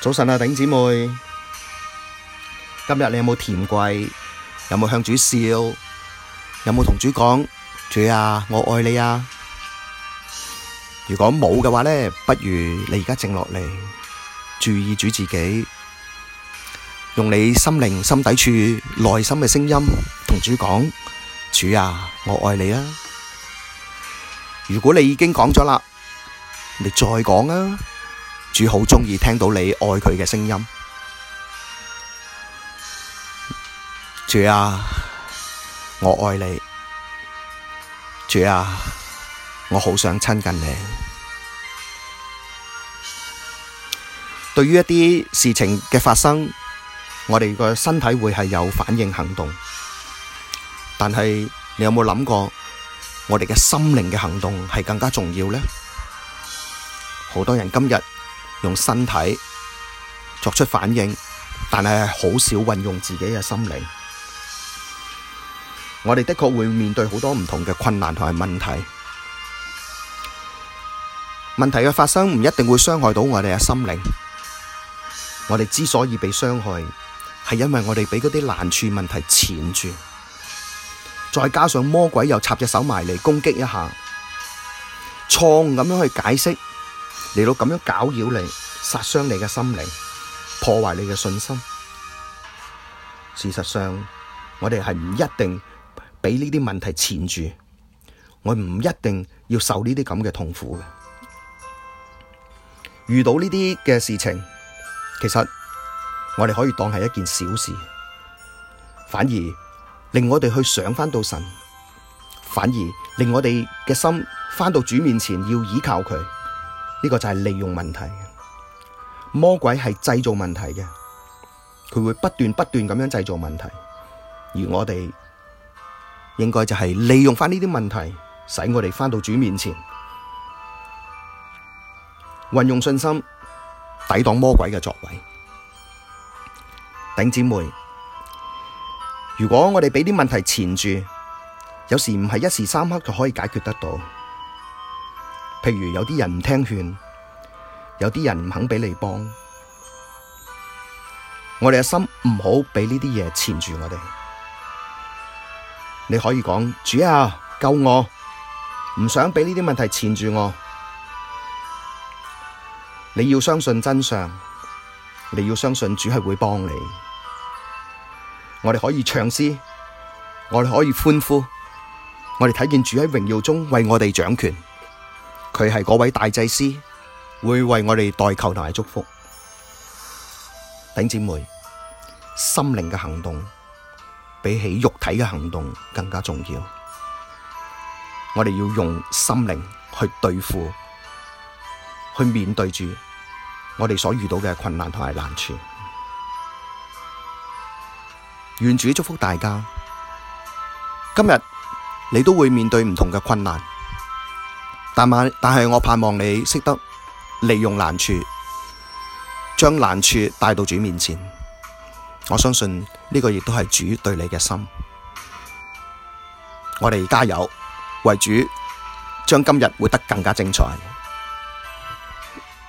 早晨啊，頂姐妹，今日你有冇甜跪？有冇向主笑？有冇同主講：主啊，我愛你啊？如果冇嘅話呢，不如你而家靜落嚟，注意住自己，用你心靈、心底處、內心嘅聲音同主講：主啊，我愛你啊！如果，如，你你啊你啊如果你已經講咗啦，你再講啊！主好鍾意聽到你愛佢嘅聲音。主啊，我愛你，主啊，我好想親近你。對於一啲事情嘅發生，我哋個身體會係有反應行動，但係你有冇諗過，我哋嘅心靈嘅行動係更加重要呢？好多人今日。用身體作出反應，但係好少運用自己嘅心靈。我哋的確會面對好多唔同嘅困難同埋問題。問題嘅發生唔一定會傷害到我哋嘅心靈。我哋之所以被傷害，係因為我哋畀嗰啲難處問題纏住，再加上魔鬼又插隻手埋嚟攻擊一下，錯誤咁樣去解釋。嚟到咁樣搞擾你，殺傷你嘅心靈，破壞你嘅信心。事實上，我哋係唔一定俾呢啲問題纏住，我唔一定要受呢啲咁嘅痛苦。遇到呢啲嘅事情，其實我哋可以當係一件小事，反而令我哋去想翻到神，反而令我哋嘅心翻到主面前要，要依靠佢。呢個就係利用問題，魔鬼係製造問題嘅，佢會不斷不斷咁樣製造問題，而我哋應該就係利用返呢啲問題，使我哋返到主面前，運用信心，抵擋魔鬼嘅作為。頂姊妹，如果我哋畀啲問題纏住，有時唔係一時三刻就可以解決得到。譬如有啲人唔聽勸，有啲人唔肯畀你幫，我哋嘅心唔好畀呢啲嘢纏住我哋。你可以講主啊，救我，唔想畀呢啲問題纏住我。你要相信真相，你要相信主係會幫你。我哋可以唱詩，我哋可以歡呼，我哋睇見主喺榮耀中為我哋掌權。佢係嗰位大祭司，會為我哋代求同埋祝福。頂姊妹，心靈嘅行動比起肉體嘅行動更加重要。我哋要用心靈去對付，去面對住我哋所遇到嘅困難同埋難處。願主祝福大家。今日你都會面對唔同嘅困難。但係，但我盼望你識得利用難處，將難處帶到主面前。我相信呢個亦都係主對你嘅心。我哋加油，為主，將今日活得更加精彩。